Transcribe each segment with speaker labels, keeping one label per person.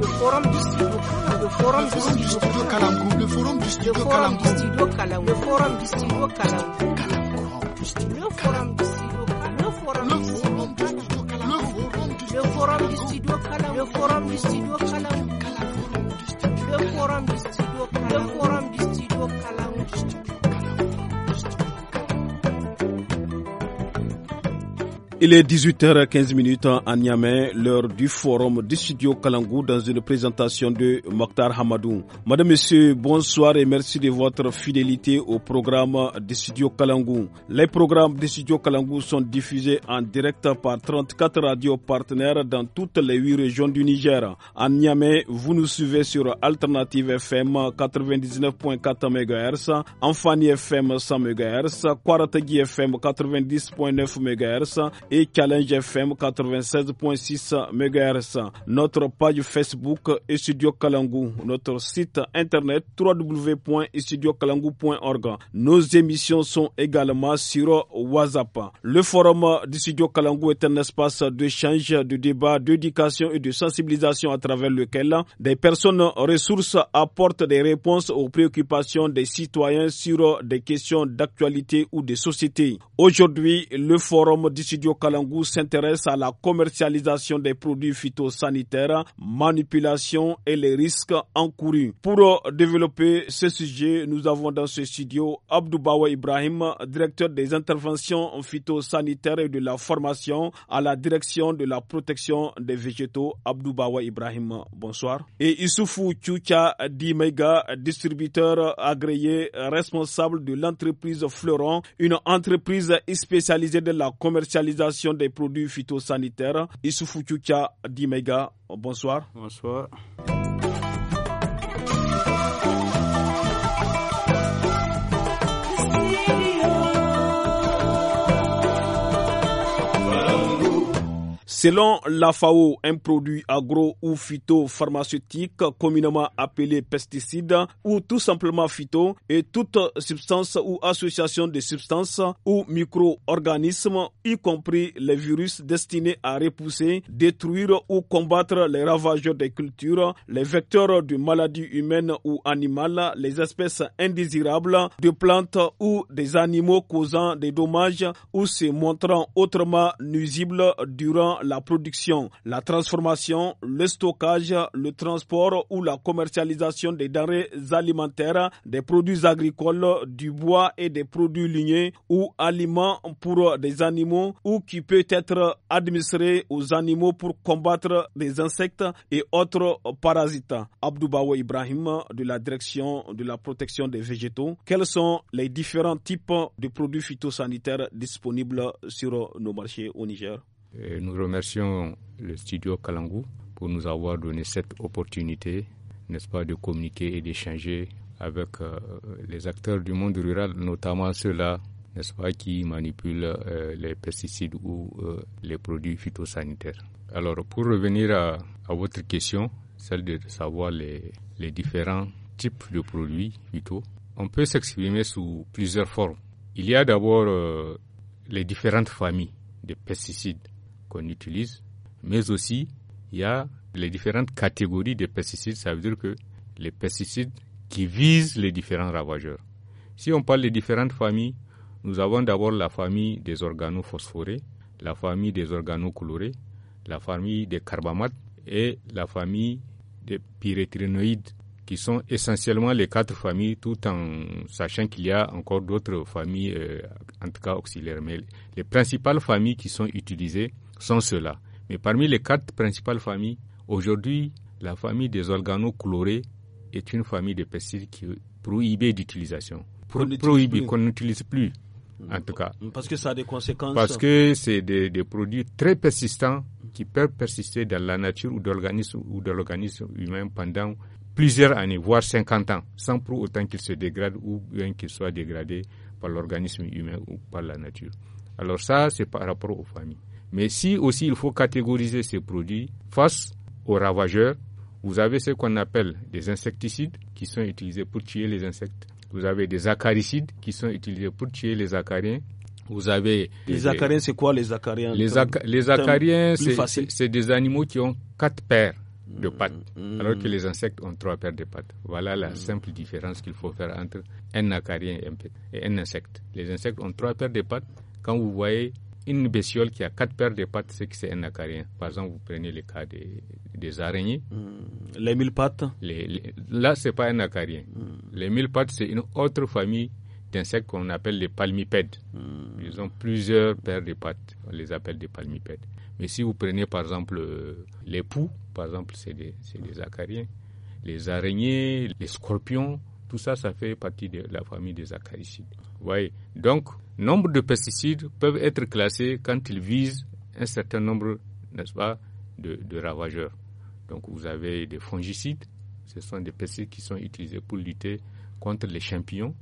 Speaker 1: le forum du studio le forum du studio Calamgou le forum du studio Calamgou le forum du studio Calamgou le forum du studio Calamgou le forum du studio Calamgou le forum du studio Calamgou le forum du studio Calamgou le forum du studio Calamgou le forum du studio Calamgou
Speaker 2: Il est 18h15 à Niamey, l'heure du forum du studio Kalangou dans une présentation de Mokhtar Hamadou. Madame, Monsieur, bonsoir et merci de votre fidélité au programme du studio Kalangou. Les programmes du studio Kalangou sont diffusés en direct par 34 radios partenaires dans toutes les 8 régions du Niger. À Niamey, vous nous suivez sur Alternative FM 99.4 MHz, Enfani FM 100 MHz, Kwaratagi FM 90.9 MHz, et Challenge FM 96.6 MHz. Notre page Facebook est Studio Kalangu. Notre site internet www.studiokalangu.org. Nos émissions sont également sur WhatsApp. Le forum du Studio Kalangu est un espace d'échange, de débat, d'éducation et de sensibilisation à travers lequel des personnes ressources apportent des réponses aux préoccupations des citoyens sur des questions d'actualité ou de société. Aujourd'hui, le forum du Studio Kalangou s'intéresse à la commercialisation des produits phytosanitaires, manipulation et les risques encourus. Pour euh, développer ce sujet, nous avons dans ce studio Abdoubawa Ibrahim, directeur des interventions phytosanitaires et de la formation à la direction de la protection des végétaux. Abdoubawa Ibrahim, bonsoir. Et Issoufou Tchoucha Dimega, distributeur agréé responsable de l'entreprise Fleuron, une entreprise spécialisée de la commercialisation des produits phytosanitaires. Issoufou Dimega, bonsoir. Bonsoir. Selon la FAO, un produit agro ou phytopharmaceutique communément appelé pesticide ou tout simplement phyto est toute substance ou association de substances ou micro-organismes, y compris les virus destinés à repousser, détruire ou combattre les ravageurs des cultures, les vecteurs de maladies humaines ou animales, les espèces indésirables de plantes ou des animaux causant des dommages ou se montrant autrement nuisibles durant la production, la transformation, le stockage, le transport ou la commercialisation des denrées alimentaires, des produits agricoles, du bois et des produits lignés ou aliments pour des animaux ou qui peut être administré aux animaux pour combattre des insectes et autres parasites. Abdoubawa Ibrahim de la direction de la protection des végétaux, quels sont les différents types de produits phytosanitaires disponibles sur nos marchés au Niger?
Speaker 1: Euh, nous remercions le studio Kalangu pour nous avoir donné cette opportunité, n'est-ce pas, de communiquer et d'échanger avec euh, les acteurs du monde rural, notamment ceux-là, n'est-ce pas, qui manipulent euh, les pesticides ou les produits phytosanitaires. Alors, pour revenir à, votre question, celle de savoir les, différents types de produits phyto, on peut s'exprimer sous plusieurs formes. Il y a d'abord les différentes familles de pesticides qu'on utilise, mais aussi il y a les différentes catégories de pesticides. Ça veut dire que les pesticides qui visent les différents ravageurs. Si on parle des différentes familles, nous avons d'abord la famille des organophosphorés, la famille des organocolorés, la famille des carbamates et la famille des pyréthrinoïdes, qui sont essentiellement les quatre familles, tout en sachant qu'il y a encore d'autres familles, euh, en tout cas auxiliaires. Mais les principales familles qui sont utilisées, sont ceux-là. Mais parmi les quatre principales familles, aujourd'hui, la famille des organochlorés est une famille de pesticides qui est prohibée d'utilisation. prohibée, qu'on n'utilise plus, en tout cas. Parce que ça a des conséquences. Parce que c'est des, produits très persistants qui peuvent persister dans la nature ou l'organisme ou de l'organisme humain pendant plusieurs années, voire 50 ans, sans pour autant qu'ils se dégradent ou bien qu'ils soient dégradés par l'organisme humain ou par la nature. Alors ça, c'est par rapport aux familles. Mais si aussi il faut catégoriser ces produits face aux ravageurs, vous avez ce qu'on appelle des insecticides qui sont utilisés pour tuer les insectes. Vous avez des acaricides qui sont utilisés pour tuer les acariens. Vous avez les acariens, c'est quoi les acariens Les, acariens, c'est des animaux qui ont quatre paires de mmh, pattes, mmh, mmh. alors que les insectes ont trois paires de pattes. Voilà la simple différence qu'il faut faire entre un acarien et un, et un insecte. Les insectes ont trois paires de pattes. Quand vous voyez une bestiole qui a quatre paires de pattes, c'est que c'est un acarien. Par exemple, vous prenez le cas des, araignées. Hmm. Les mille pattes Là, ce n'est pas un acarien. Hmm. Les mille pattes, c'est une autre famille d'insectes qu'on appelle les palmipèdes. Hmm. Ils ont plusieurs paires de pattes. On les appelle des palmipèdes. Mais si vous prenez par exemple euh, les poux, par exemple, c'est des, des, acariens, les araignées, les scorpions, tout ça, ça fait partie de la famille des acaricides. Vous voyez Donc, nombre de pesticides peuvent être classés quand ils visent un certain nombre, n'est-ce pas, de, ravageurs. Donc vous avez des fongicides, ce sont des pesticides qui sont utilisés pour lutter contre les champignons.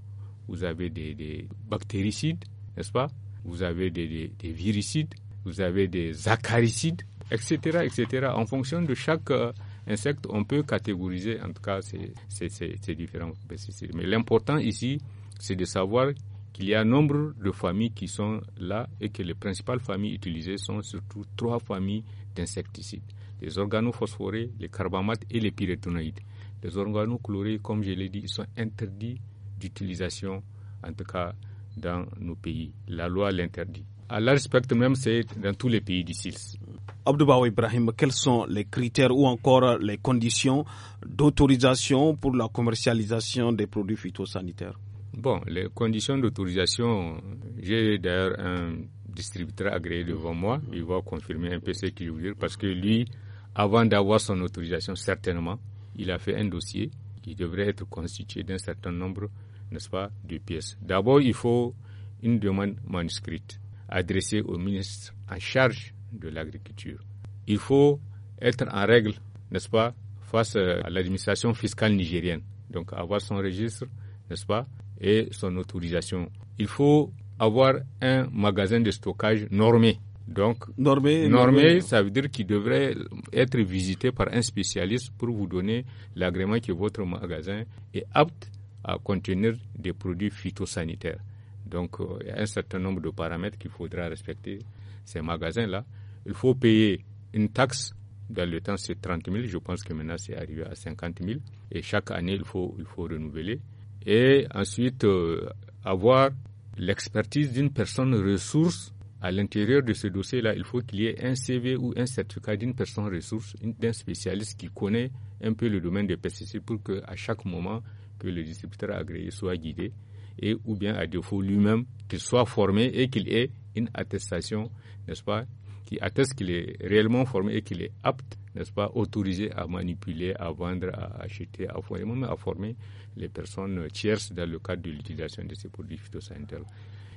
Speaker 1: Vous avez des, bactéricides, n'est-ce pas Vous avez des, viricides, vous avez des acaricides... etc., etc. En fonction de chaque euh, insecte... on peut catégoriser en tout cas ces, ces différents pesticides. Mais l'important ici, c'est de savoir qu'il y a un nombre de familles qui sont là et que les principales familles utilisées sont surtout trois familles d'insecticides les organophosphorés, les carbamates et les pyrétonoïdes. Les organochlorés, comme je l'ai dit, sont interdits d'utilisation, en tout cas dans nos pays. La loi l'interdit. À la respecte même, c'est dans tous les pays du d'ici.
Speaker 2: Abdoubaou Ibrahim, quels sont les critères ou encore les conditions d'autorisation pour la commercialisation des produits phytosanitaires
Speaker 1: Bon, les conditions d'autorisation, j'ai d'ailleurs un distributeur agréé devant moi, il va confirmer un peu ce qu'il veut dire, parce que lui, avant d'avoir son autorisation, certainement, il a fait un dossier qui devrait être constitué d'un certain nombre, n'est-ce pas, de pièces. D'abord, il faut une demande manuscrite adressée au ministre en charge de l'agriculture. Il faut être en règle, n'est-ce pas, face euh, à l'administration fiscale nigérienne. Donc avoir son registre, n'est-ce pas, et son autorisation. Il faut avoir un magasin de stockage normé. Donc, normé, ça veut dire qu'il devrait être visité par un spécialiste pour vous donner l'agrément que votre magasin est apte à contenir des produits phytosanitaires. Donc, euh, il y a un certain nombre de paramètres qu'il faudra respecter. Ces magasins-là, il faut payer une taxe. Dans le temps, c'est 30 000. Je pense que maintenant, c'est arrivé à 50 000. Et chaque année, il faut, il faut renouveler et ensuite euh, avoir l'expertise d'une personne ressource à l'intérieur de ce dossier-là, il faut qu'il y ait un CV ou un certificat d'une personne ressource, d'un spécialiste qui connaît un peu le domaine des pesticides pour qu'à chaque moment que le distributeur agréé soit guidé et ou bien à défaut lui-même qu'il soit formé et qu'il ait une attestation, n'est-ce pas, qui atteste qu'il est réellement formé et qu'il est apte, n'est-ce pas, autorisé à manipuler, à vendre, à acheter, à former, à former les personnes tierces dans le cadre de l'utilisation de ces produits phytosanitaires.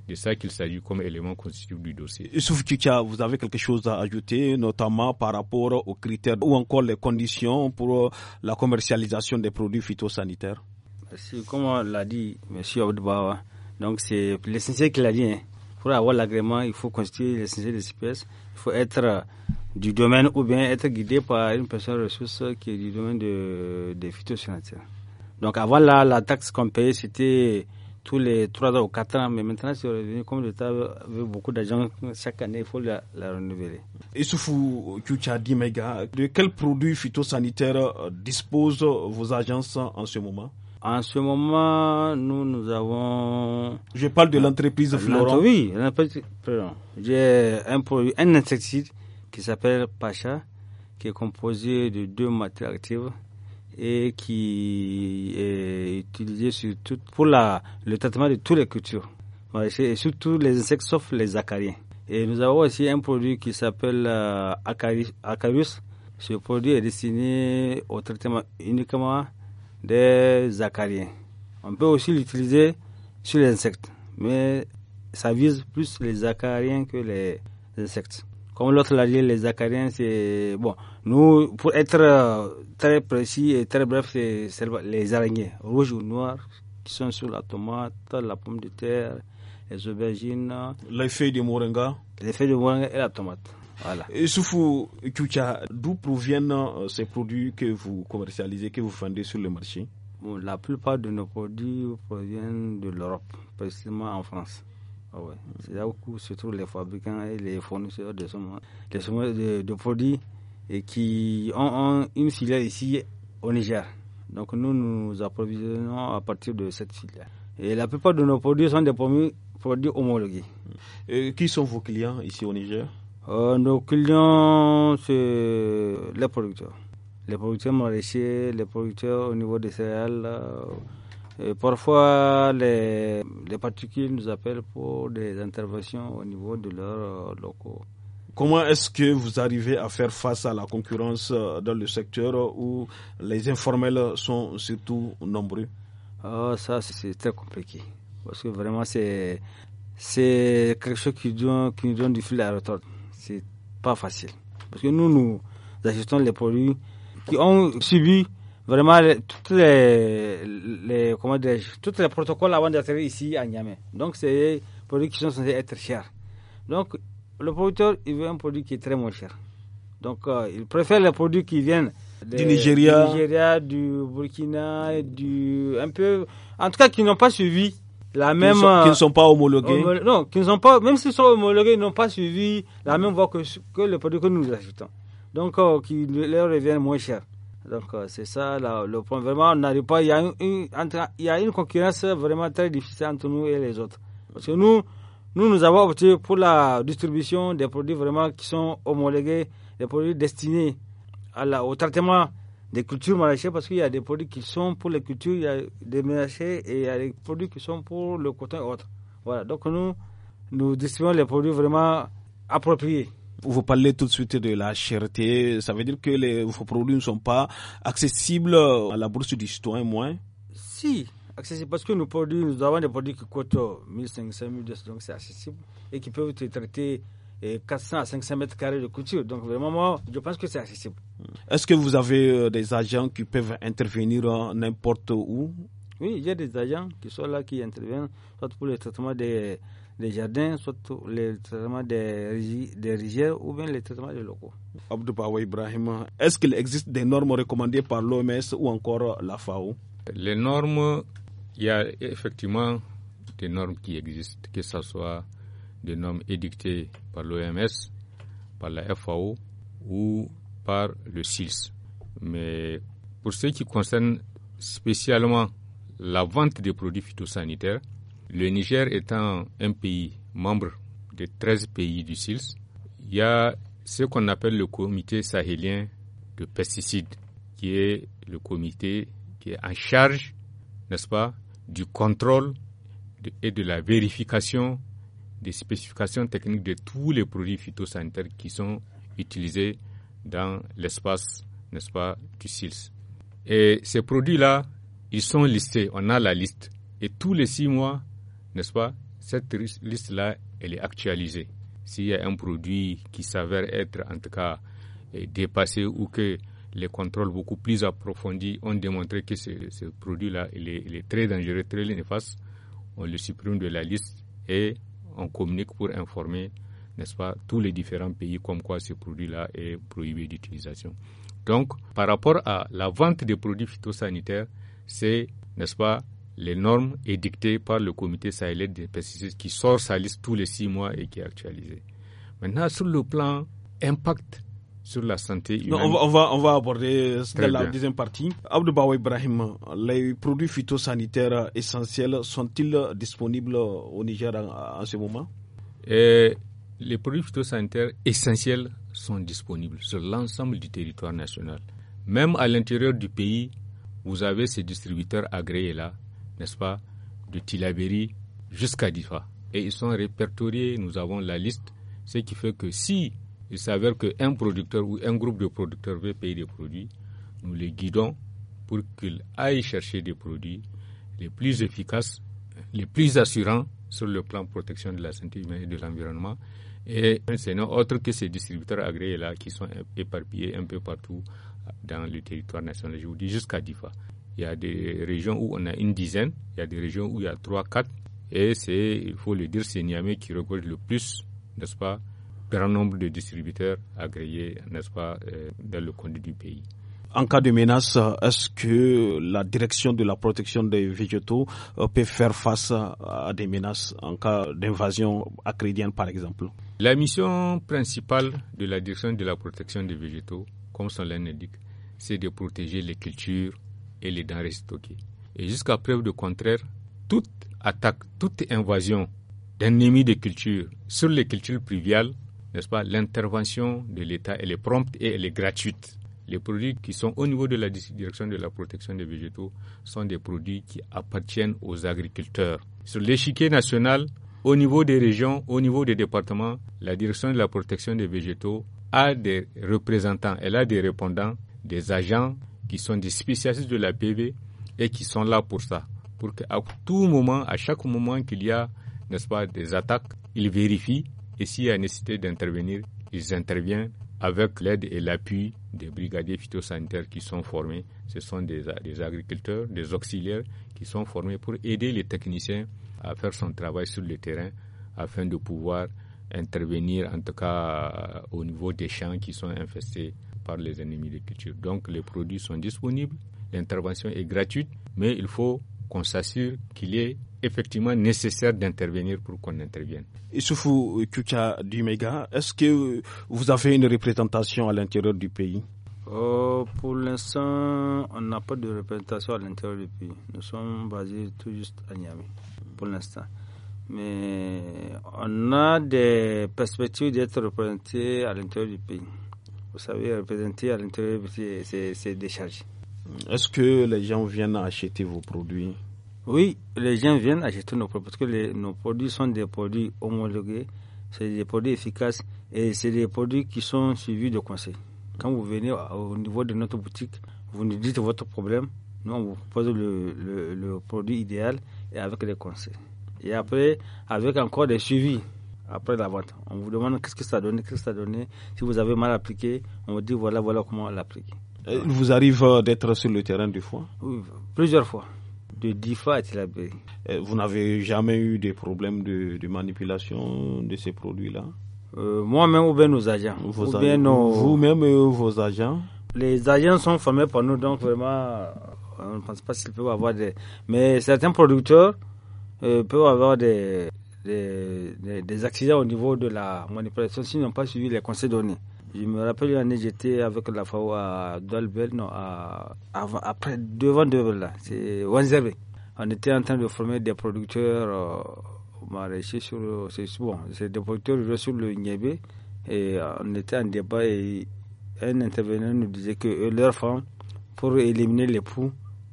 Speaker 1: De ça qu'il s'agit comme élément constitutif du dossier.
Speaker 2: Souf vous avez quelque chose à ajouter, notamment par rapport aux critères ou encore les conditions pour euh, la commercialisation des produits phytosanitaires
Speaker 3: Comme l'a dit M. Abdoubawa, donc c'est l'essentiel qu'il a dit. Hein. Pour avoir l'agrément, il faut constituer l'essentiel des espèces. Il faut être euh, du domaine ou bien être guidé par une personne ressource qui est du domaine de, des phytosanitaires. Donc avant là, la taxe qu'on payait, c'était tous les 3 ou 4 ans, mais maintenant c'est revenu comme l'État veut beaucoup d'agents, chaque année, il faut la, la renouveler. as dit, Mega, de quels produits
Speaker 2: phytosanitaires disposent vos agences en ce moment
Speaker 3: en ce moment, nous, nous avons... Je parle de l'entreprise euh, Florent. Oui, j'ai un, produit, un insecticide qui s'appelle Pacha, qui est composé de deux matières actives et qui est utilisé surtout pour la, le traitement de toutes les cultures, et surtout les insectes sauf les acariens. Et nous avons aussi un produit qui s'appelle euh, Acarius. Ce produit est destiné au traitement uniquement des acariens. On peut aussi l'utiliser sur les insectes, mais ça vise plus les acariens que les insectes. Comme l'autre l'a dit, les acariens, c'est. Bon, nous, pour être euh, très précis et très bref, c'est les araignées, rouges ou noires, qui sont sur la tomate, la pomme de terre, les aubergines. Les feuilles de moringa. Les
Speaker 2: feuilles de moringa et la tomate. Et Soufou Koucha, d'où proviennent euh, ces produits que vous commercialisez, que vous vendez sur le marché
Speaker 3: La plupart de nos produits proviennent de l'Europe, précisément en France. Ah C'est là où se trouvent les fabricants et les fournisseurs de, produits et qui ont, une filière ici au Niger. Donc nous nous approvisionnons à partir de cette filière. Et la plupart de nos produits sont des produits, produits homologués. Et qui sont vos clients ici au Niger euh, nos clients, c'est les producteurs. Les producteurs maraîchers, les producteurs au niveau des céréales. Euh, et parfois, les, particuliers nous appellent pour des interventions au niveau de leurs euh, locaux.
Speaker 2: Comment est-ce que vous arrivez à faire face à la concurrence dans le secteur
Speaker 3: où les informels sont surtout nombreux ah, Ça, c'est très compliqué. Parce que vraiment, c'est quelque chose qui, qui nous donne du fil à retordre c'est pas facile. Parce que nous, nous assistons les produits qui ont subi vraiment toutes les, les comment tous les protocoles avant d'atterrir ici à Niamey. Donc, c'est des produits qui sont censés être chers. Donc, le producteur, il veut un produit qui est très moins cher. Donc, euh, il préfère les produits qui viennent du, Nigeria. du Nigeria, du Burkina, du un peu, en tout cas, qui n'ont pas suivi la même. Qui ne euh, sont, pas homologués. non, qui ne sont pas, même s'ils sont homologués, ils n'ont pas suivi la même voie que, que les produits que nous achetons. Donc, euh, qui leur reviennent moins cher. Donc, euh, c'est ça le point. Vraiment, on n'arrive pas. Il y, a une, il y a une concurrence vraiment très difficile entre nous et les autres. Parce que nous, nous, nous avons opté pour la distribution des produits vraiment qui sont homologués, des produits destinés à au traitement des cultures maraîchères parce qu'il y a des produits qui sont pour les cultures, il y a des maraîchères et il y a des produits qui sont pour le coton et autres. Voilà, donc nous, nous distribuons les produits vraiment
Speaker 2: appropriés. Vous parlez tout de suite de la cherté, ça veut dire que les, vos produits ne sont pas accessibles à la bourse du citoyen moins
Speaker 3: Si, accessible parce que nous, produits, nous avons des produits qui coûtent 1500, 1200, donc c'est accessible et qui peuvent être traités et 400 à 500 mètres carrés de couture. Donc vraiment, moi, je pense que c'est accessible.
Speaker 2: Est-ce que vous avez euh, des agents qui peuvent intervenir euh, n'importe où
Speaker 3: Oui, il y a des agents qui sont là, qui interviennent, soit pour le traitement des, des jardins, soit pour le traitement des, des rizières ou bien le traitement des locaux. Abdou Ibrahim,
Speaker 2: est-ce qu'il existe des normes recommandées par l'OMS ou encore la FAO
Speaker 1: Les normes, il y a effectivement des normes qui existent, que ce soit des normes édictées par l'OMS, par la FAO ou par le SILS. Mais pour ce qui concerne spécialement la vente des produits phytosanitaires, le Niger étant un pays membre des 13 pays du SILS, il y a ce qu'on appelle le comité sahélien de pesticides, qui est le comité qui est en charge, n'est-ce pas, du contrôle et de la vérification des spécifications techniques de tous les produits phytosanitaires qui sont utilisés dans l'espace, n'est-ce pas, du SILS. Et ces produits-là, ils sont listés, on a la liste. Et tous les six mois, n'est-ce pas, cette liste-là, elle est actualisée. S'il y a un produit qui s'avère être, en tout cas, dépassé ou que les contrôles beaucoup plus approfondis ont démontré que ce, produit-là, est, très dangereux, très néfaste, on le supprime de la liste et on communique pour informer, n'est-ce pas, tous les différents pays comme quoi ce produit-là est prohibé d'utilisation. Donc, par rapport à la vente des produits phytosanitaires, c'est, n'est-ce pas, les normes édictées par le comité sahélien des pesticides qui sort sa liste tous les six mois et qui est actualisée. Maintenant, sur le plan impact sur la santé on,
Speaker 2: va, aborder la deuxième partie. Abdou Ibrahim, les produits phytosanitaires essentiels sont-ils disponibles au Niger en, ce moment
Speaker 1: eh, Les produits phytosanitaires essentiels sont disponibles sur l'ensemble du territoire national. Même à l'intérieur du pays, vous avez ces distributeurs agréés là, n'est-ce pas, de Tilaberi jusqu'à Difa. Et ils sont répertoriés, nous avons la liste, ce qui fait que si il s'avère qu'un producteur ou un groupe de producteurs veut payer des produits. Nous les guidons pour qu'ils aillent chercher des produits les plus efficaces, les plus assurants sur le plan protection de la santé humaine et de l'environnement. Et c'est autre que ces distributeurs agréés-là qui sont éparpillés un peu partout dans le territoire national, je vous dis jusqu'à Difa. Il y a des régions où on a une dizaine, il y a des régions où il y a trois, quatre, et c'est, il faut le dire, c'est Niamey qui recueille le plus, n'est-ce pas, grand nombre de distributeurs agréés, n'est-ce pas, euh, dans le conduit du pays. En cas
Speaker 2: de menace, est-ce que la direction de la protection des végétaux euh, peut faire
Speaker 1: face à des menaces en cas d'invasion acridienne, par exemple La mission principale de la direction de la protection des végétaux, comme son nom l'indique, c'est de protéger les cultures et les denrées stockées. Et jusqu'à preuve du contraire, toute attaque, toute invasion d'ennemis de cultures sur les cultures pluviales n'est-ce pas, l'intervention de l'État, elle est prompte et elle est gratuite. Les produits qui sont au niveau de la direction de la protection des végétaux sont des produits qui appartiennent aux agriculteurs. Sur l'échiquier national, au niveau des régions, au niveau des départements, la direction de la protection des végétaux a des représentants, elle a des répondants, des agents qui sont des spécialistes de la PV et qui sont là pour ça. Pour qu'à tout moment, à chaque moment qu'il y a, n'est-ce pas, des attaques, ils vérifient et s'il y a nécessité d'intervenir, ils interviennent avec l'aide et l'appui des brigadiers phytosanitaires qui sont formés. Ce sont des, agriculteurs, des auxiliaires qui sont formés pour aider les techniciens à faire son travail sur le terrain afin de pouvoir intervenir en tout cas euh, au niveau des champs qui sont infestés par les ennemis des culture. Donc les produits sont disponibles, l'intervention est gratuite, mais il faut qu'on s'assure qu'il est effectivement nécessaire d'intervenir pour qu'on intervienne. Issoufou Kucha méga,
Speaker 2: est-ce que vous avez une représentation à l'intérieur du pays
Speaker 3: oh, Pour l'instant, on n'a pas de représentation à l'intérieur du pays. Nous sommes basés tout juste à Niamey, pour l'instant. Mais on a des perspectives d'être représentés à l'intérieur du pays. Vous savez, représenter à l'intérieur du pays, c'est déchargé.
Speaker 2: Est-ce que les gens viennent acheter vos produits
Speaker 3: Oui, les gens viennent acheter nos produits parce que nos produits sont des produits homologués, c'est des produits efficaces et c'est des produits qui sont suivis de conseils. Quand vous venez au niveau de notre boutique, vous nous dites votre problème, nous on vous propose le, produit idéal et avec les conseils. Et après, avec encore des suivis après la vente. On vous demande qu'est-ce que ça donne, qu'est-ce que ça donne. Si vous avez mal appliqué, on vous dit voilà, voilà comment l'appliquer. Euh, il vous
Speaker 2: arrive euh, d'être sur le terrain du fois
Speaker 3: Plusieurs fois. De dix fois il euh, Vous
Speaker 2: n'avez jamais eu des problèmes de, manipulation de ces produits-là Moi-même
Speaker 3: ou bien nos agents.
Speaker 2: Vous-même et vos agents
Speaker 3: Les agents sont formés par nous, donc vraiment, on ne pense pas s'ils peuvent avoir des. Mais certains producteurs peuvent avoir des, des, des accidents au niveau de la manipulation s'ils n'ont pas suivi les conseils donnés. Je me rappelle l'année année, j'étais avec la FAO à Dolbel, non, à, après, devant Dolbel, là, c'est Wanzerbe. On était en train de former des producteurs euh, maraîchers sur, c'est bon, c'est des producteurs sur le Niébé. Et euh, on était en débat et un intervenant nous disait que leur leurs femmes, pour éliminer les poux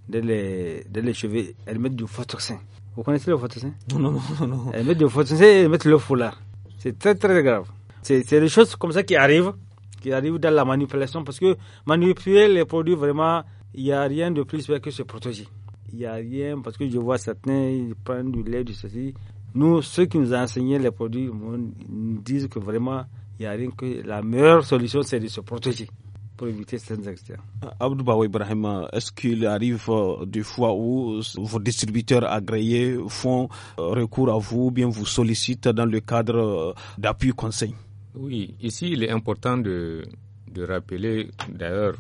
Speaker 3: de les, de les cheveux, elles mettent du photoxin. Vous connaissez le photoxin Non, non, non, non. Elles mettent du photoxin et elles mettent le foulard. C'est très, très grave. C'est des choses comme ça qui arrivent qui arrive dans la manipulation parce que manipuler les produits, vraiment, il n'y a rien de plus que se protéger. Il n'y a rien parce que je vois certains, ils prennent du lait, du ceci. Nous, ceux qui nous ont enseigné les produits, nous disent que vraiment, il n'y a rien que la meilleure solution, c'est de se protéger pour éviter ces accidents. Euh, Abdoubaoui
Speaker 2: Ibrahim, est-ce qu'il arrive euh, des fois où vos distributeurs agréés font euh, recours à vous ou bien vous sollicitent dans le cadre d'appui conseil
Speaker 1: oui, ici, il est important de, de rappeler, d'ailleurs,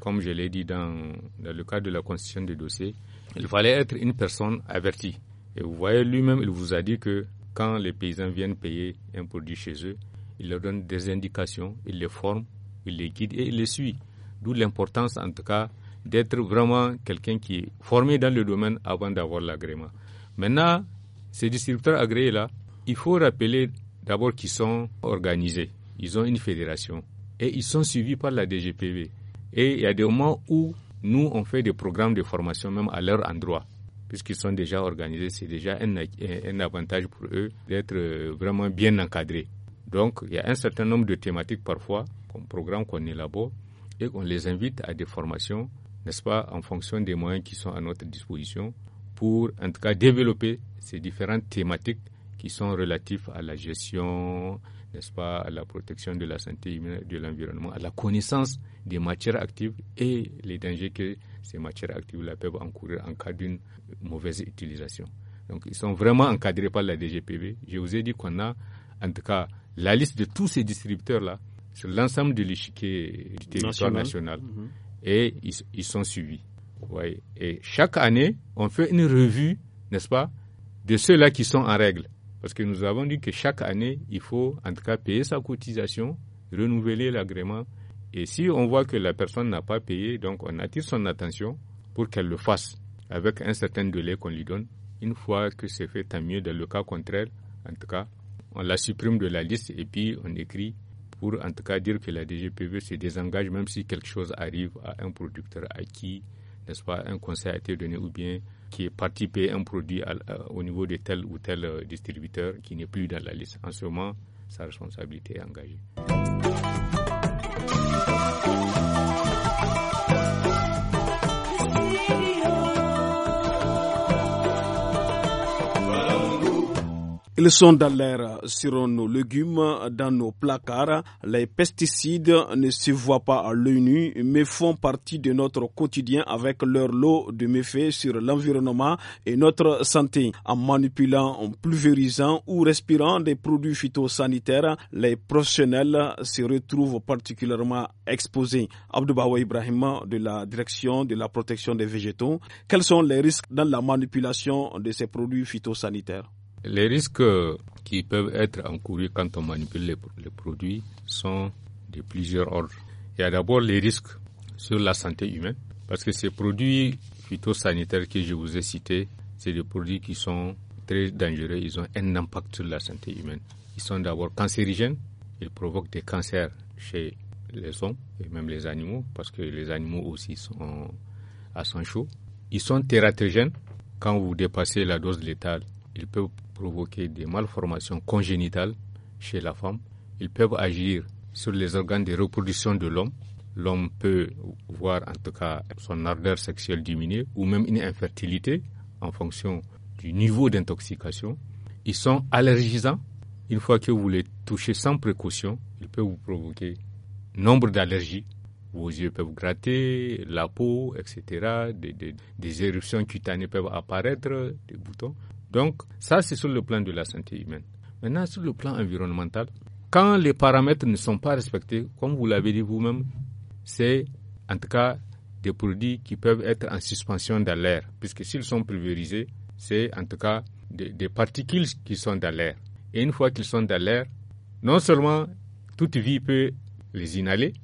Speaker 1: comme je l'ai dit dans, dans, le cadre de la constitution des dossiers, il fallait être une personne avertie. Et vous voyez, lui-même, il vous a dit que quand les paysans viennent payer un produit chez eux, il leur donne des indications, il les forme, il les guide et il les suit. D'où l'importance, en tout cas, d'être vraiment quelqu'un qui est formé dans le domaine avant d'avoir l'agrément. Maintenant, ces distributeurs agréés-là, il faut rappeler d'abord qui sont organisés. Ils ont une fédération et ils sont suivis par la DGPV. Et il y a des moments où nous, on fait des programmes de formation même à leur endroit, puisqu'ils sont déjà organisés. C'est déjà un, un, avantage pour eux d'être euh, vraiment bien encadrés. Donc, il y a un certain nombre de thématiques parfois, comme programme qu'on élabore, et qu'on les invite à des formations, n'est-ce pas, en fonction des moyens qui sont à notre disposition, pour en tout cas développer ces différentes thématiques qui sont relatifs à la gestion, n'est-ce pas, à la protection de la santé humaine, de l'environnement, à la connaissance des matières actives et les dangers que ces matières actives là, peuvent encourir en cas d'une mauvaise utilisation. Donc, ils sont vraiment encadrés par la DGPV. Je vous ai dit qu'on a, en tout cas, la liste de tous ces distributeurs-là sur l'ensemble de l'échiquier du territoire national, mhm. et ils, sont suivis. Et chaque année, on fait une revue, n'est-ce pas, de ceux-là qui sont en règle. Parce que nous avons dit que chaque année, il faut en tout cas payer sa cotisation, renouveler l'agrément. Et si on voit que la personne n'a pas payé, donc on attire son attention pour qu'elle le fasse avec un certain délai qu'on lui donne. Une fois que c'est fait, tant mieux. Dans le cas contraire, en tout cas, on la supprime de la liste et puis on écrit pour en tout cas dire que la DGPV se désengage même si quelque chose arrive à un producteur à qui, n'est-ce pas, un conseil a été donné ou bien qui est parti payer un produit euh, au niveau de tel ou tel euh, distributeur qui n'est plus dans la liste. En ce moment, sa responsabilité est engagée.
Speaker 2: Ils sont dans l'air, sur nos légumes, dans nos placards. Les pesticides ne se voient pas à l'œil nu, mais font partie de notre quotidien avec leur lot de méfaits sur l'environnement et notre santé. En manipulant, en pulvérisant ou respirant des produits phytosanitaires, les professionnels se retrouvent particulièrement exposés. Abdoubawa Ibrahima de la direction de la protection des végétaux. Quels sont les risques dans la manipulation de ces produits
Speaker 1: phytosanitaires? Les risques qui peuvent être encourus quand on manipule les, produits sont de plusieurs ordres. Il y a d'abord les risques sur la santé humaine, parce que ces produits phytosanitaires que je vous ai cités, c'est des produits qui sont très dangereux, ils ont un impact sur la santé humaine. Ils sont d'abord cancérigènes, ils provoquent des cancers chez les hommes et même les animaux, parce que les animaux aussi sont à sang chaud. Ils sont tératogènes. Quand vous dépassez la dose létale, ils peuvent provoquer des malformations congénitales chez la femme. Ils peuvent agir sur les organes de reproduction de l'homme. L'homme peut voir en tout cas son ardeur sexuelle diminuer ou même une infertilité en fonction du niveau d'intoxication. Ils sont allergisants. Une fois que vous les touchez sans précaution, ils peuvent vous provoquer nombre d'allergies. Vos yeux peuvent gratter, la peau, etc. Des, des éruptions cutanées peuvent apparaître, des boutons. Donc, ça, c'est sur le plan de la santé humaine. Maintenant, sur le plan environnemental, quand les paramètres ne sont pas respectés, comme vous l'avez dit vous-même, c'est en tout cas des produits qui peuvent être en suspension dans l'air, puisque s'ils sont pulvérisés, c'est en tout cas des, des particules qui sont dans l'air. Et une fois qu'ils sont dans l'air, non seulement toute vie peut les inhaler,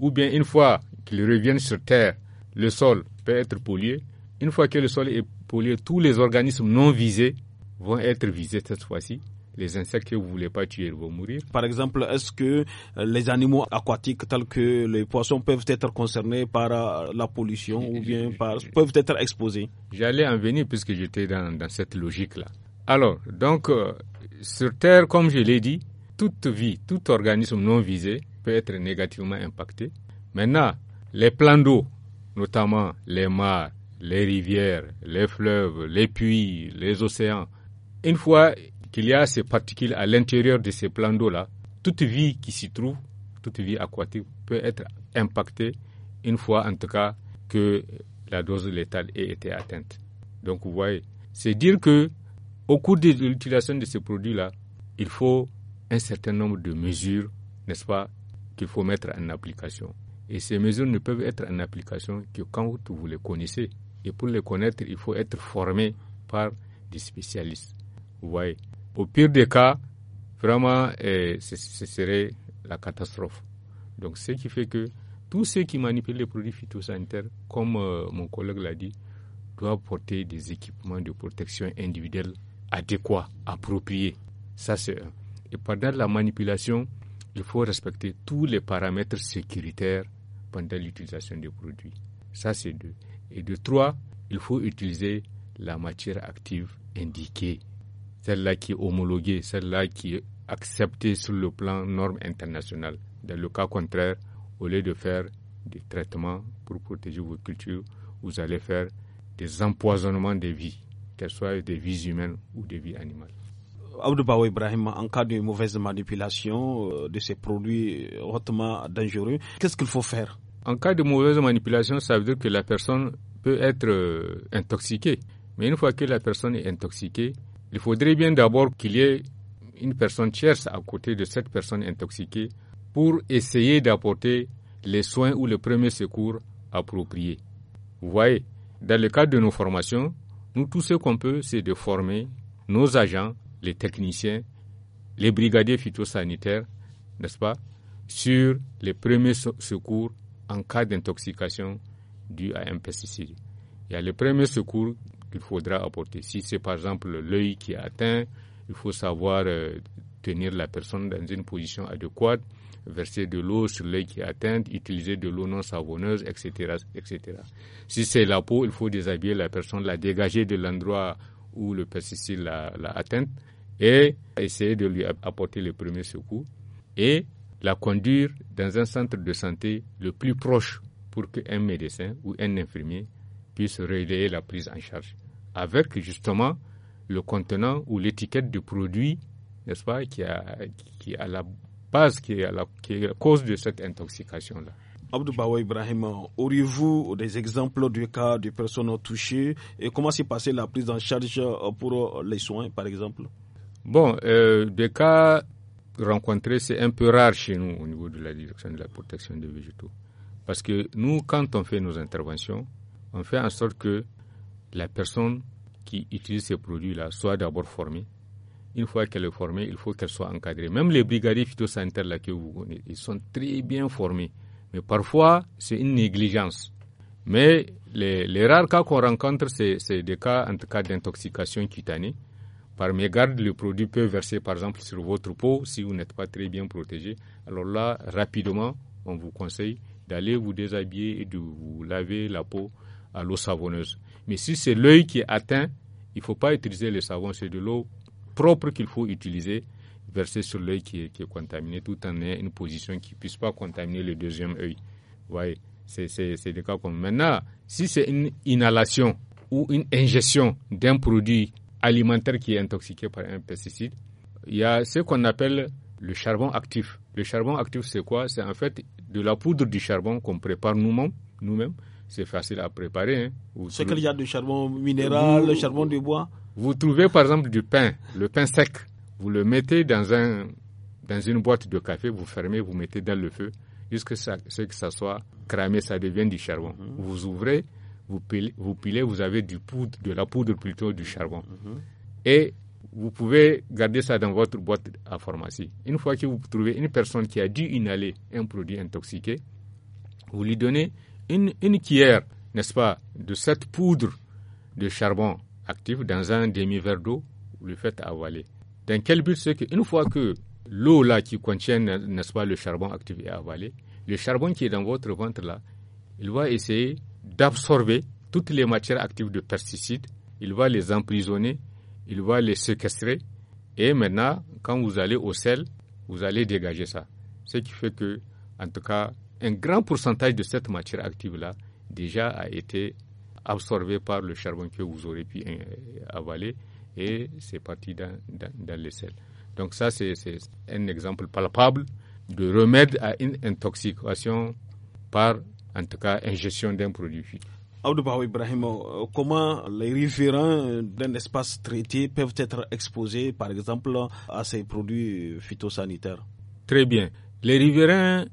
Speaker 1: ou bien une fois qu'ils reviennent sur Terre, le sol peut être pollué. Une fois que le sol est tous les organismes non visés vont être visés cette fois-ci. Les insectes que vous ne voulez pas tuer vont mourir. Par exemple, est-ce que
Speaker 2: euh, les animaux aquatiques tels que les poissons peuvent être concernés par euh, la pollution
Speaker 1: ou bien peuvent être exposés J'allais en venir puisque j'étais dans, cette logique-là. Alors, donc, euh, sur Terre, comme je l'ai dit, toute vie, tout organisme non visé peut être négativement impacté. Maintenant, les plans d'eau, notamment les mares, les rivières, les fleuves, les puits, les océans. Une fois qu'il y a ces particules à l'intérieur de ces plans d'eau-là, toute vie qui s'y trouve, toute vie aquatique peut être impactée une fois en tout cas que la dose létale ait été atteinte. Donc vous voyez, c'est dire que au cours de l'utilisation de ces produits-là, il faut un certain nombre de mesures, n'est-ce pas, qu'il faut mettre en application. Et ces mesures ne peuvent être en application que quand vous les connaissez. Et pour les connaître, il faut être formé par des spécialistes. Vous voyez. Au pire des cas, vraiment, eh, ce, serait la catastrophe. Donc, ce qui fait que tous ceux qui manipulent les produits phytosanitaires, comme euh, mon collègue l'a dit, doivent porter des équipements de protection individuelle adéquats, appropriés. Ça, c'est un. Et pendant la manipulation, il faut respecter tous les paramètres sécuritaires pendant l'utilisation des produits. Ça, c'est deux. Et de trois, il faut utiliser la matière active indiquée, celle-là qui est homologuée, celle-là qui est acceptée sur le plan norme internationale. Dans le cas contraire, au lieu de faire des traitements pour protéger vos cultures, vous allez faire des empoisonnements des vies, qu'elles soient des vies humaines ou des vies animales. Abdou Ibrahim, en cas de mauvaise manipulation euh, de ces produits hautement dangereux, qu'est-ce qu'il faut faire en cas de mauvaise manipulation, ça veut dire que la personne peut être euh, intoxiquée. Mais une fois que la personne est intoxiquée, il faudrait bien d'abord qu'il y ait une personne tierce à côté de cette personne intoxiquée pour essayer d'apporter les soins ou le premier secours appropriés. Vous voyez, dans le cadre de nos formations, nous tout ce qu'on peut, c'est de former nos agents, les techniciens, les brigadiers phytosanitaires, n'est-ce pas, sur les premiers secours en cas d'intoxication due à un pesticide. Il y a le premier secours qu'il faudra apporter. Si c'est par exemple l'œil qui est atteint, il faut savoir euh, tenir la personne dans une position adéquate, verser de l'eau sur l'œil qui est atteint, utiliser de l'eau non savonneuse, etc., etc. Si c'est la peau, il faut déshabiller la personne, la dégager de l'endroit où le pesticide l'a atteinte et essayer de lui apporter les premiers secours. Et la conduire dans un centre de santé le plus proche pour qu'un médecin ou un infirmier puisse relayer la prise en charge, avec justement le contenant ou l'étiquette du produit, n'est-ce pas, qui a, qui la base, qui est à la, cause de cette intoxication-là. Abdou Ibrahim, auriez-vous des exemples
Speaker 2: de cas de personnes touchées et comment s'est passée la prise en charge pour les soins, par exemple
Speaker 1: Bon, euh, des cas rencontrer, c'est un peu rare chez nous au niveau de la direction de la protection des végétaux. Parce que nous, quand on fait nos interventions, on fait en sorte que la personne qui utilise ces produits-là soit d'abord formée. Une fois qu'elle est formée, il faut qu'elle soit encadrée. Même les brigadiers phytosanitaires là que vous connaissez, ils sont très bien formés. Mais parfois, c'est une négligence. Mais les, les rares cas qu'on rencontre, c'est des cas, en tout cas, d'intoxication cutanée par mégarde, le produit peut verser par exemple sur votre peau si vous n'êtes pas très bien protégé. Alors là, rapidement, on vous conseille d'aller vous déshabiller et de vous laver la peau à l'eau savonneuse. Mais si c'est l'œil qui est atteint, il ne faut pas utiliser le savon, c'est de l'eau propre qu'il faut utiliser, verser sur l'œil qui, est contaminé, tout en ayant une position qui ne puisse pas contaminer le deuxième œil. Vous c'est des cas comme. Maintenant, si c'est une inhalation ou une ingestion d'un produit alimentaire qui est intoxiqué par un pesticide. Il y a ce qu'on appelle le charbon actif. Le charbon actif, c'est quoi C'est en fait de la poudre du charbon qu'on prépare nous-mêmes. Nous-mêmes, c'est facile à préparer. Hein. C'est qu'il y a
Speaker 2: du charbon minéral, le charbon
Speaker 1: de bois. Vous trouvez par exemple du pain, le pain sec. Vous le mettez dans un dans une boîte de café, vous fermez, vous mettez dans le feu jusqu'à ce que ça soit cramé, ça devient du charbon. Mhm. Vous ouvrez, vous pilez, vous, avez du poudre, de la poudre plutôt du charbon. Mhm. Et vous pouvez garder ça dans votre boîte à pharmacie. Une fois que vous trouvez une personne qui a dû inhaler un produit intoxiqué, vous lui donnez une, une cuillère, n'est-ce pas, de cette poudre de charbon actif dans un demi-verre d'eau, vous le faites avaler. Dans quel but C'est qu'une fois que l'eau là qui contient, n'est-ce pas, le charbon actif est avalé, le charbon qui est dans votre ventre là, il va essayer d'absorber toutes les matières actives de pesticides, il va les emprisonner, il va les séquestrer, et maintenant, quand vous allez au sel, vous allez dégager ça. Ce qui fait que, en tout cas, un grand pourcentage de cette matière active-là déjà a été absorbé par le charbon que vous aurez pu euh, avaler et c'est parti dans, dans, sel les Donc ça, c'est un exemple palpable de remède à une intoxication par en tout cas, ingestion d'un produit.
Speaker 2: Abdu'l-Bahou Ibrahim, euh, comment les riverains d'un espace traité peuvent être exposés, par exemple, à ces produits phytosanitaires
Speaker 1: Très bien. Les riverains,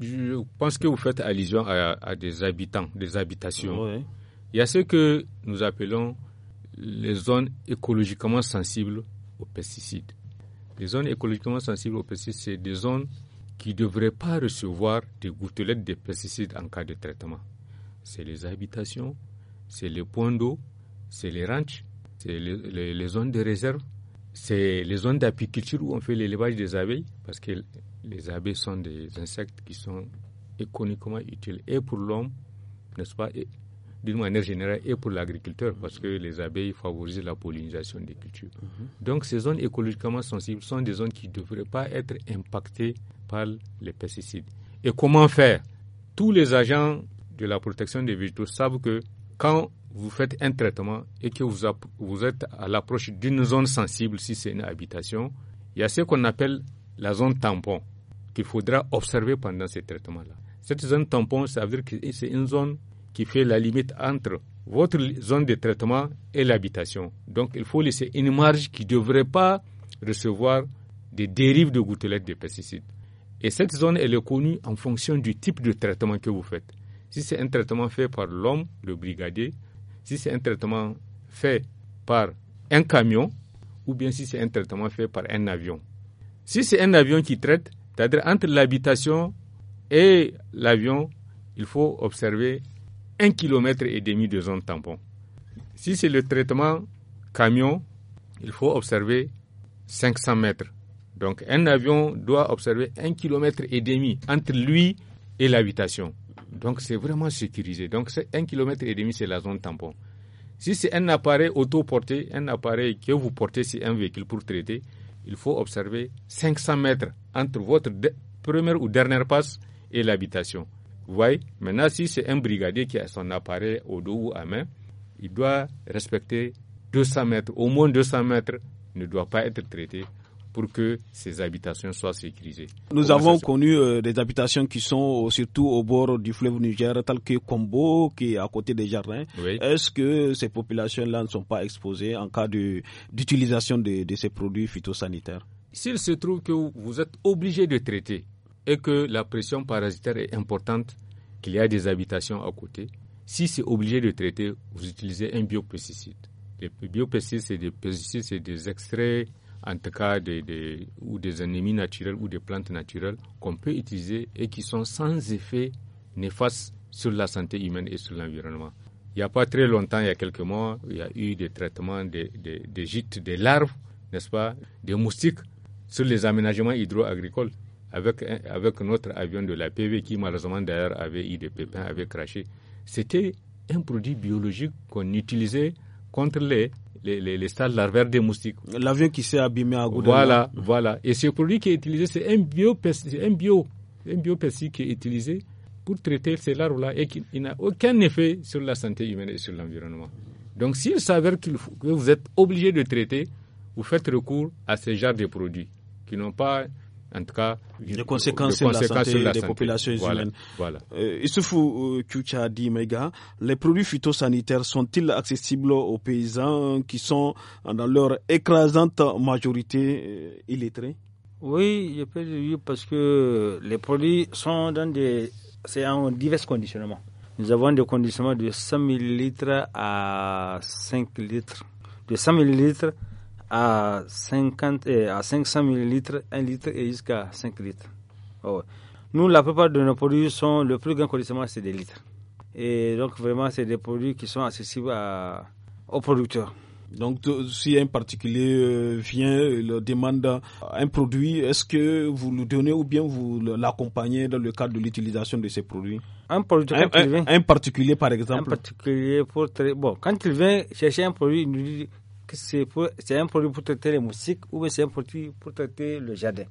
Speaker 1: je pense que vous faites allusion à, à des habitants, des habitations. Il y a ce que nous appelons les zones écologiquement sensibles aux pesticides. Les zones écologiquement sensibles aux pesticides, c'est des zones qui ne devraient pas recevoir des gouttelettes de pesticides en cas de traitement. C'est les habitations, c'est les points d'eau, c'est les ranchs, c'est les, zones de réserve, c'est les zones d'apiculture où on fait l'élevage des abeilles, parce que les abeilles sont des insectes qui sont économiquement utiles et pour l'homme, n'est-ce pas, d'une manière générale, et pour l'agriculteur, parce que les abeilles favorisent la pollinisation des cultures. Mhm. Donc ces zones écologiquement sensibles sont des zones qui ne devraient pas être impactées par les pesticides. Et comment faire Tous les agents de la protection des végétaux savent que quand vous faites un traitement et que vous, vous êtes à l'approche d'une zone sensible, si c'est une habitation, il y a ce qu'on appelle la zone tampon qu'il faudra observer pendant ces traitements-là. Cette zone tampon, ça veut dire que c'est une zone qui fait la limite entre votre zone de traitement et l'habitation. Donc il faut laisser une marge qui ne devrait pas recevoir des dérives de gouttelettes de pesticides. Et cette zone, elle est connue en fonction du type de traitement que vous faites. Si c'est un traitement fait par l'homme, le brigadier, si c'est un traitement fait par un camion, ou bien si c'est un traitement fait par un avion. Si c'est un avion qui traite, c'est-à-dire entre l'habitation et l'avion, il faut observer un kilomètre et demi de zone tampon. Si c'est le traitement camion, il faut observer 500 mètres donc un avion doit observer un kilomètre et demi entre lui et l'habitation. Donc c'est vraiment sécurisé. Donc un kilomètre et demi, c'est la zone tampon. Si c'est un appareil autoporté, un appareil que vous portez c'est un véhicule pour traiter, il faut observer 500 mètres entre votre première ou dernière passe et l'habitation. Vous voyez Maintenant, si c'est un brigadier qui a son appareil au dos ou à main, il doit respecter 200 mètres, au moins 200 mètres ne doit pas être traité pour que ces habitations soient sécurisées. Nous avons
Speaker 2: connu euh, des habitations qui sont euh, surtout au bord du fleuve Niger, telles que Combo, qui est à côté des jardins. Est-ce que ces populations-là ne sont pas exposées en cas d'utilisation
Speaker 1: de, ces produits phytosanitaires S'il se trouve que vous êtes obligé de traiter et que la pression parasitaire est importante, qu'il y a des habitations à côté, si c'est obligé de traiter, vous utilisez un biopesticide. Les biopesticides, c'est des pesticides, c'est des extraits en tout cas des, ou des ennemis naturels ou des plantes naturelles qu'on peut utiliser et qui sont sans effet néfaste sur la santé humaine et sur l'environnement. Il n'y a pas très longtemps, il y a quelques mois, il y a eu des traitements des, gîtes, des larves, n'est-ce pas, des moustiques sur les aménagements hydro-agricoles avec, avec notre avion de la PV qui malheureusement d'ailleurs avait eu des pépins, avait craché. C'était un produit biologique qu'on utilisait contre les les, stades larvaires des moustiques. L'avion qui s'est abîmé à Gouda. Voilà, voilà. Et ce produit qui est utilisé, c'est un biopesticide bio, un qui est utilisé pour traiter ces larves-là et qui n'a aucun effet sur la santé humaine et sur l'environnement. Donc s'il s'avère que vous êtes obligé de traiter, vous faites recours à ces genres de produits qui n'ont pas en tout cas, les conséquences, sur la santé des populations voilà, humaines. faut Euh,
Speaker 2: Issoufou euh, dit, Mega, les produits phytosanitaires sont-ils accessibles aux paysans qui sont dans leur écrasante
Speaker 3: majorité euh, illettrés Oui, parce que les produits sont dans des, c'est en divers conditionnements. Nous avons des conditionnements de 100 ml à 5 litres, de 100 ml à, 50, à 500 millilitres, 1 litre et jusqu'à 5 litres. Oh nous, la plupart de nos produits sont, le plus grand connaissement, c'est des litres. Et donc, vraiment, c'est des produits qui sont accessibles aux producteurs. Donc, si un particulier euh,
Speaker 2: vient, le demande un produit, est-ce que vous le donnez ou bien vous l'accompagnez dans le cadre de l'utilisation de ces produits un, particulier, par exemple Un
Speaker 3: particulier, pour bon, quand il vient chercher un produit, il nous dit c'est un produit pour traiter les moustiques ou c'est un produit pour traiter le jardin.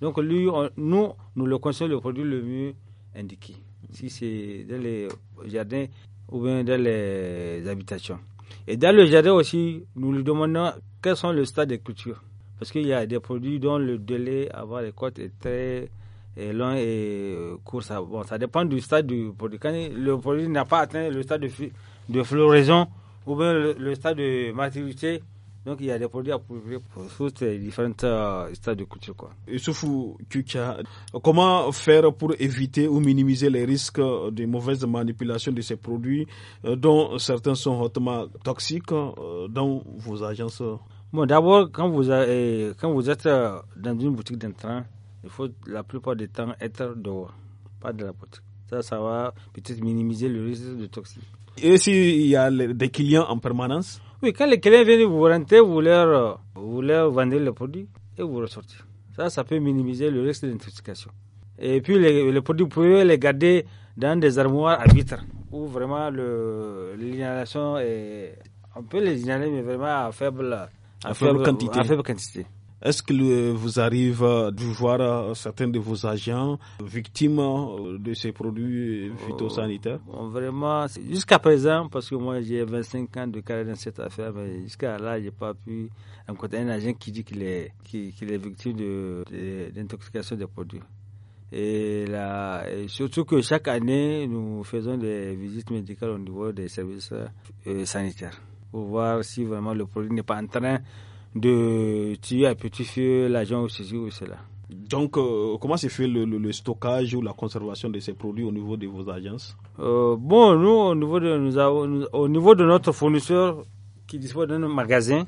Speaker 3: Donc, lui, nous, nous le conseillons le produit le mieux indiqué. Si c'est dans les jardins ou bien dans les habitations. Et dans le jardin aussi, nous lui demandons quels sont le stade de culture. Parce qu'il y a des produits dont le délai avant les côtes est très long et euh, court. Ça, dépend du stade du produit. Quand le produit n'a pas atteint le stade de, de floraison, ou bien le, stade de maturité. Donc il y a des produits appropriés pour tous les différents euh, stades de culture. Quoi. comment
Speaker 2: faire pour éviter ou minimiser les risques de mauvaise manipulation de ces produits, euh,
Speaker 3: dont certains sont hautement toxiques, euh, dans vos agences bon, D'abord, quand, vous eh, quand vous êtes dans une boutique d'un il faut la plupart du temps être dehors, pas de la boutique. Ça, ça va peut-être minimiser le risque de toxique. Et s'il y a des clients en permanence Oui, quand les clients viennent, vous rentrer, vous leur, vous vendez le produit et vous ressortez. Ça, ça peut minimiser le risque d'intoxication. Et puis, les, les, produits, vous pouvez les garder dans des armoires à vitres où vraiment l'inhalation est. On peut les inhaler, mais vraiment à faible, quantité. À faible
Speaker 2: quantité. Est-ce que euh, vous arrive euh, de voir euh, certains de vos agents
Speaker 3: victimes de ces produits phytosanitaires Vraiment, jusqu'à présent, parce que moi j'ai 25 ans de carrière dans cette affaire, jusqu'à là, je n'ai pas pu rencontrer un agent qui dit qu'il est, victime d'intoxication des produits. Et, surtout que chaque année, nous faisons des visites médicales au niveau des services sanitaires pour voir si vraiment le produit n'est pas en train de tuer à petit feu l'agent ou ceci ou cela. Donc, euh, comment se fait le, le,
Speaker 2: stockage ou la conservation de ces produits au niveau de vos agences
Speaker 3: euh, Bon, nous, au niveau de, nous au niveau de notre fournisseur qui dispose d'un magasin,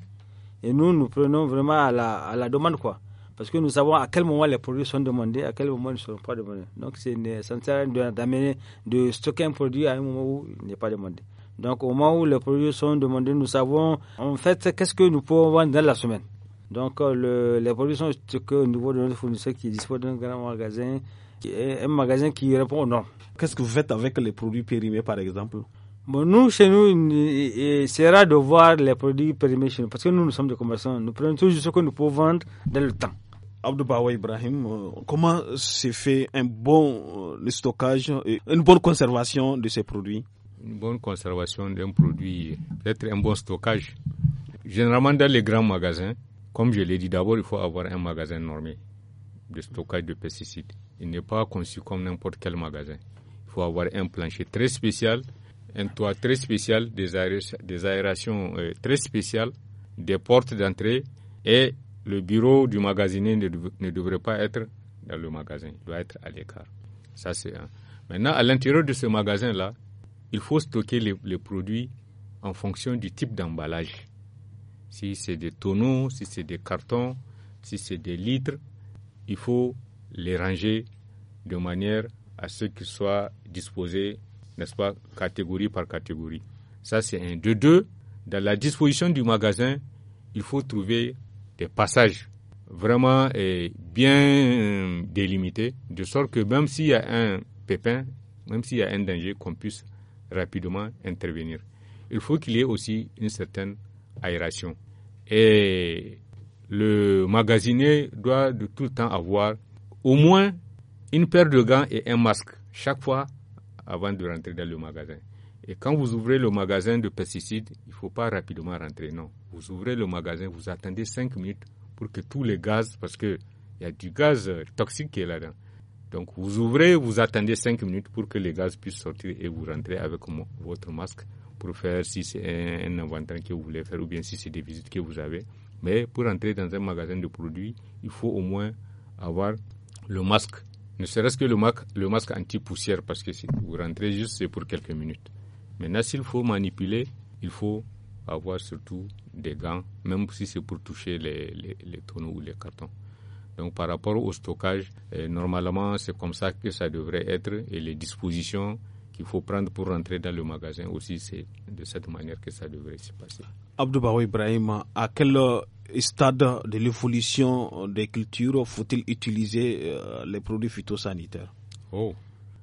Speaker 3: et nous, nous prenons vraiment à la, à la, demande, quoi. Parce que nous savons à quel moment les produits sont demandés, à quel moment ils ne sont pas demandés. Donc, c'est nécessaire sert d'amener, de stocker un produit à un moment où il n'est pas demandé. Donc au moment où les produits sont demandés, nous savons en fait qu'est-ce que nous pouvons vendre dans la semaine. Donc euh, les produits sont que au niveau de notre fournisseur qui dispose d'un grand magasin, un magasin qui répond aux Qu'est-ce que vous faites avec les produits périmés par exemple nous, chez nous, c'est rare de voir les produits périmés chez nous, parce que nous, nous sommes des commerçants. Nous prenons toujours ce que nous pouvons vendre dans le temps. Abdou Ibrahim, euh, comment se fait un
Speaker 2: bon euh, stockage et une bonne conservation de ces produits
Speaker 1: une bonne conservation d'un produit, peut-être un bon stockage. Généralement, dans les grands magasins, comme je l'ai dit d'abord, il faut avoir un magasin normé de stockage de pesticides. Il n'est pas conçu comme n'importe quel magasin. Il faut avoir un plancher très spécial, un toit très spécial, des, aérations euh, très spéciales, des portes d'entrée et le bureau du magasinier ne, devrait pas être dans le magasin, il doit être à l'écart. Ça, c'est Maintenant, à l'intérieur de ce magasin-là, il faut stocker les, produits en fonction du type d'emballage. Si c'est des tonneaux, si c'est des cartons, si c'est des litres, il faut les ranger de manière à ce qu'ils soient disposés, n'est-ce pas, catégorie par catégorie. Ça, c'est un. De deux, dans la disposition du magasin, il faut trouver des passages vraiment eh, bien euh, délimités, de sorte que même s'il y a un pépin, même s'il y a un danger, qu'on puisse rapidement intervenir. Il faut qu'il y ait aussi une certaine aération. Et le magasinier doit de tout le temps avoir au moins une paire de gants et un masque chaque fois avant de rentrer dans le magasin. Et quand vous ouvrez le magasin de pesticides, il ne faut pas rapidement rentrer, non. Vous ouvrez le magasin, vous attendez cinq minutes pour que tous les gaz, parce qu'il y a du gaz toxique qui est là-dedans, donc vous ouvrez, vous attendez 5 minutes pour que les gaz puissent sortir et vous rentrez avec votre masque pour faire si c'est un, inventaire que vous voulez faire ou bien si c'est des visites que vous avez. Mais pour entrer dans un magasin de produits, il faut au moins avoir le masque. Ne serait-ce que le, masque, anti-poussière parce que si vous rentrez juste c'est pour quelques minutes. Maintenant s'il faut manipuler, il faut avoir surtout des gants, même si c'est pour toucher les tonneaux ou les cartons. Donc par rapport au stockage, euh, normalement c'est comme ça que ça devrait être et les dispositions qu'il faut prendre pour rentrer dans le magasin aussi, c'est de cette manière que ça devrait se passer.
Speaker 2: Abdoubaou Ibrahim, à quel euh, stade
Speaker 1: de l'évolution des cultures faut-il utiliser euh, les produits phytosanitaires Oh,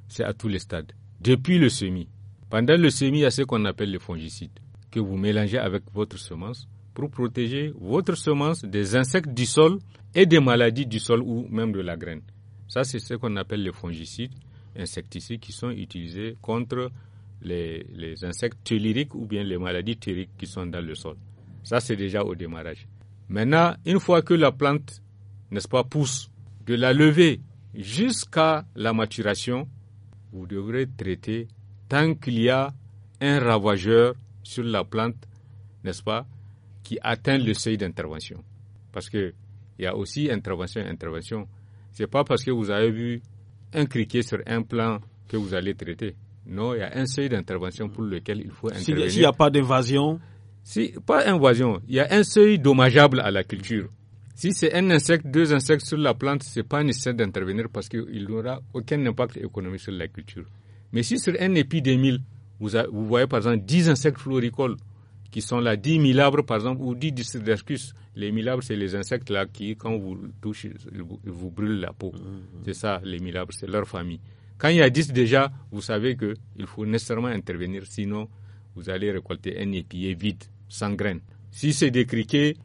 Speaker 1: c'est à tous les stades. Depuis le semis. Pendant le semi, il y a ce qu'on appelle le fongicide, que vous mélangez avec votre semence pour protéger votre semence des insectes du sol et des maladies du sol ou même de la graine. Ça, c'est ce qu'on appelle les fongicides, insecticides qui sont utilisés contre les, insectes telluriques ou bien les maladies telluriques qui sont dans le sol. Ça, c'est déjà au démarrage. Maintenant, une fois que la plante, n'est-ce pas, pousse, de la levée jusqu'à la maturation, vous devrez traiter tant qu'il y a un ravageur sur la plante, n'est-ce pas, qui atteint le seuil d'intervention. Parce qu'il y a aussi intervention intervention. Ce n'est pas parce que vous avez vu un criquet sur un plan que vous allez traiter. Non, il y a un seuil d'intervention pour lequel il faut intervenir. S'il n'y a pas d'invasion si, Pas invasion. Il y a un seuil dommageable à la culture. Si c'est un insecte, deux insectes sur la plante, ce n'est pas nécessaire d'intervenir parce qu'il n'aura aucun impact économique sur la culture. Mais si sur un épidémie, vous, vous voyez par exemple 10 insectes floricoles qui sont là, 10 000 par exemple, ou 10 distridercus. Les milabres arbres, c'est les insectes là qui, quand vous touchez, vous, vous brûlent la peau. Mmh. C'est ça, les milabres c'est leur famille. Quand il y a 10 déjà, vous savez qu'il faut nécessairement intervenir, sinon vous allez récolter un épier vide, sans graines. Si c'est des criquets,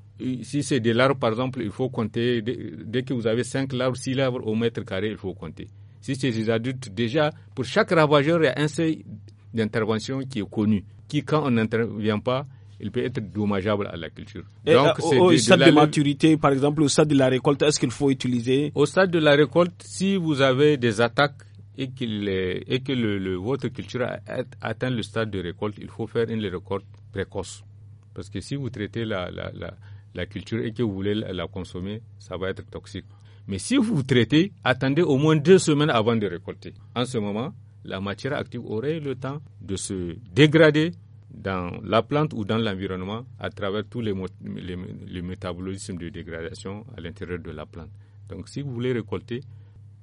Speaker 1: si c'est des larves par exemple, il faut compter, dès que vous avez 5 larves, 6 larves au mètre carré, il faut compter. Si c'est des adultes, déjà, pour chaque ravageur, il y a un seuil d'intervention qui est connu, qui quand on n'intervient pas, il peut être dommageable à la culture. Donc, euh, au, stade de, maturité,
Speaker 2: par exemple, au stade de la récolte, est-ce qu'il faut utiliser
Speaker 1: Au stade de la récolte, si vous avez des attaques et, et que le, votre culture atteint le stade de récolte, il faut faire une récolte précoce. Parce que si vous traitez la, la, la culture et que vous voulez la, consommer, ça va être toxique. Mais si vous traitez, attendez au moins deux semaines avant de récolter. En ce moment, la matière active aurait le temps de se dégrader dans la plante ou dans l'environnement à travers tous les, métabolismes de dégradation à l'intérieur de la plante. Donc si vous voulez récolter,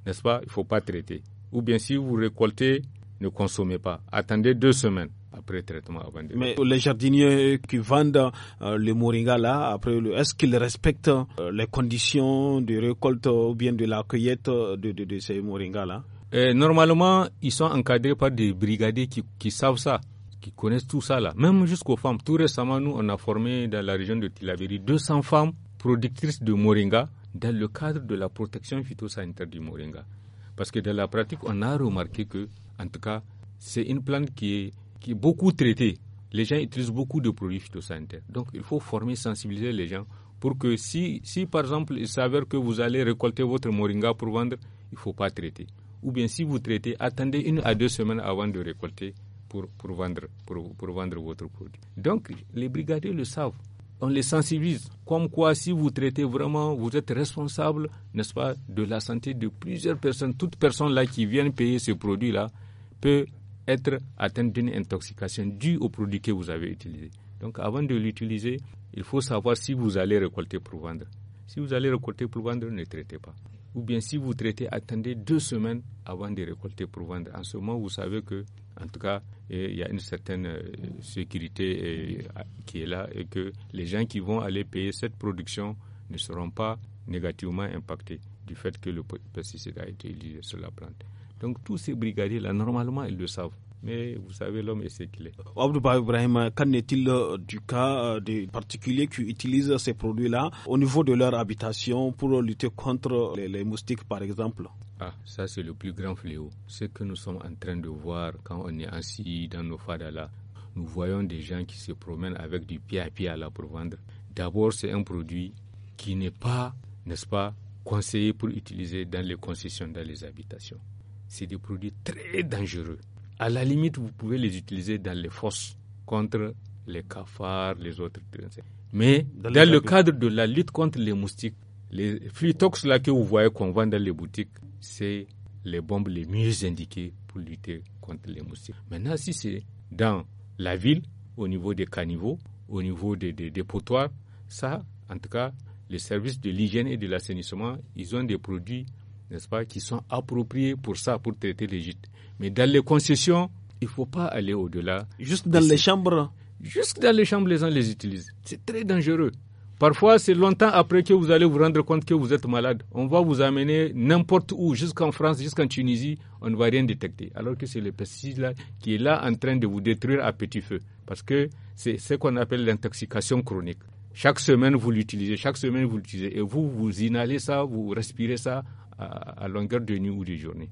Speaker 1: n'est-ce pas, il ne faut pas traiter. Ou bien si vous récoltez, ne consommez pas. Attendez deux semaines après traitement avant de...
Speaker 2: Mais les jardiniers qui vendent euh, les le moringa là, après, est-ce qu'ils respectent euh, les conditions de récolte ou bien de la cueillette de, de, ces moringas là
Speaker 1: euh, Normalement, ils sont encadrés par des brigadiers qui savent ça qui connaissent tout ça là, même jusqu'aux femmes. Tout récemment, nous, on a formé dans la région de Tilaberi 200 femmes productrices de moringa dans le cadre de la protection phytosanitaire du moringa. Parce que dans la pratique, on a remarqué que, en tout cas, c'est une plante qui est, qui beaucoup traitée. Les gens utilisent beaucoup de produits phytosanitaires. Donc, il faut former, sensibiliser les gens pour que si, si par exemple, il s'avère que vous allez récolter votre moringa pour vendre, il ne faut pas traiter. Ou bien si vous traitez, attendez une à deux semaines avant de récolter pour, pour, vendre, vendre votre produit. Donc, les brigadiers le savent. On les sensibilise. Comme quoi, si vous traitez vraiment, vous êtes responsable, n'est-ce pas, de la santé de plusieurs personnes. Toute personne là qui vient payer ce produit-là peut être atteinte d'une intoxication due au produit que vous avez utilisé. Donc, avant de l'utiliser, il faut savoir si vous allez récolter pour vendre. Si vous allez récolter pour vendre, ne traitez pas ou bien si vous traitez, attendez deux semaines avant de récolter pour vendre. En ce moment, vous savez que en tout cas, il y a une certaine euh, sécurité euh, qui est là et que les gens qui vont aller payer cette production ne seront pas négativement impactés du fait que le pesticide a été utilisé sur la plante. Donc tous ces brigadiers-là, normalement, ils le savent. Mais vous savez, l'homme est ce qu'il est. Abdouba
Speaker 2: Ibrahim, qu'en est-il euh, du cas euh, des particuliers qui utilisent ces produits-là au niveau de leur habitation pour lutter contre les, moustiques, par exemple
Speaker 1: ah, ça c'est le plus grand fléau. Ce que nous sommes en train de voir quand on est assis dans nos fadas nous voyons des gens qui se promènent avec du pied à pied à la pour vendre. D'abord, c'est un produit qui n'est pas, n'est-ce pas, conseillé pour utiliser dans les concessions, dans les habitations. C'est des produits très dangereux. À la limite, vous pouvez les utiliser dans les fosses contre les cafards, les autres Mais dans, le cadre de la lutte contre les moustiques, les flitox là que vous voyez qu'on vend dans les boutiques, c'est les bombes les mieux indiquées pour lutter contre les moustiques. Maintenant, si c'est dans la ville, au niveau des caniveaux, au niveau des, des, des ça, en tout cas, les services de l'hygiène et de l'assainissement, ils ont des produits n'est-ce pas, qui sont appropriés pour ça, pour traiter les Mais dans les concessions, il ne faut pas aller au-delà. Juste dans les chambres Juste dans les chambres, les gens les utilisent. C'est très dangereux. Parfois, c'est longtemps après que vous allez vous rendre compte que vous êtes malade. On va vous amener n'importe où, jusqu'en France, jusqu'en Tunisie, on ne va rien détecter. Alors que c'est le pesticide qui est là en train de vous détruire à petit feu. Parce que c'est ce qu'on appelle l'intoxication chronique. Chaque semaine, vous l'utilisez, chaque semaine, vous l'utilisez. Et vous, vous inhalez ça, vous respirez ça à, longueur de nuit ou de journée.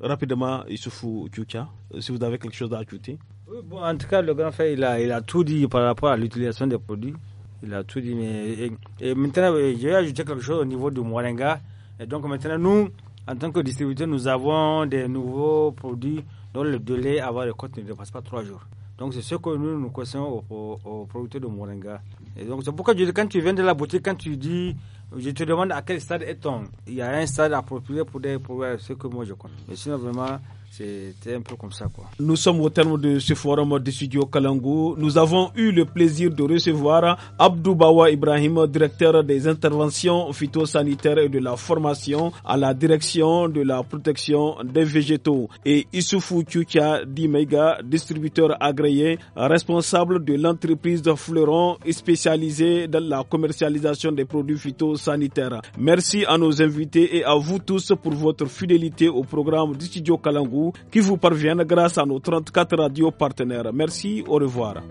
Speaker 1: Rapidement, Issoufou cas, euh, si vous avez quelque chose à ajouter.
Speaker 3: Euh, bon, en tout cas, le grand frère, il a, tout dit par rapport à l'utilisation des produits. Il a tout dit. et, maintenant, euh, j'ai vais ajouter quelque chose au niveau du Moringa. Et donc maintenant, nous, en tant que distributeurs, nous avons des nouveaux produits dont le délai avant le compte ne dépasse pas trois jours. Donc c'est ce que nous nous conseillons aux, producteurs de Moringa. Et donc c'est pourquoi je quand tu viens de la boutique, quand tu dis je te demande à quel stade est-on. Il y a un stade approprié pour, des, problèmes ce que moi je connais. Mais sinon, vraiment, c'était un peu comme ça. Quoi.
Speaker 2: Nous sommes au terme de ce forum de studio Kalangou. Nous avons eu le plaisir de recevoir Abdou Ibrahim, directeur des interventions phytosanitaires et de la formation à la direction de la protection des végétaux, et Issoufou Tchoukia Dimega, distributeur agréé, responsable de l'entreprise de Fleuron spécialisée dans la commercialisation des produits phytosanitaires. Merci à nos invités et à vous tous pour votre fidélité au programme du studio Kalangou qui vous parviennent grâce à nos 34 radios partenaires. Merci, au revoir.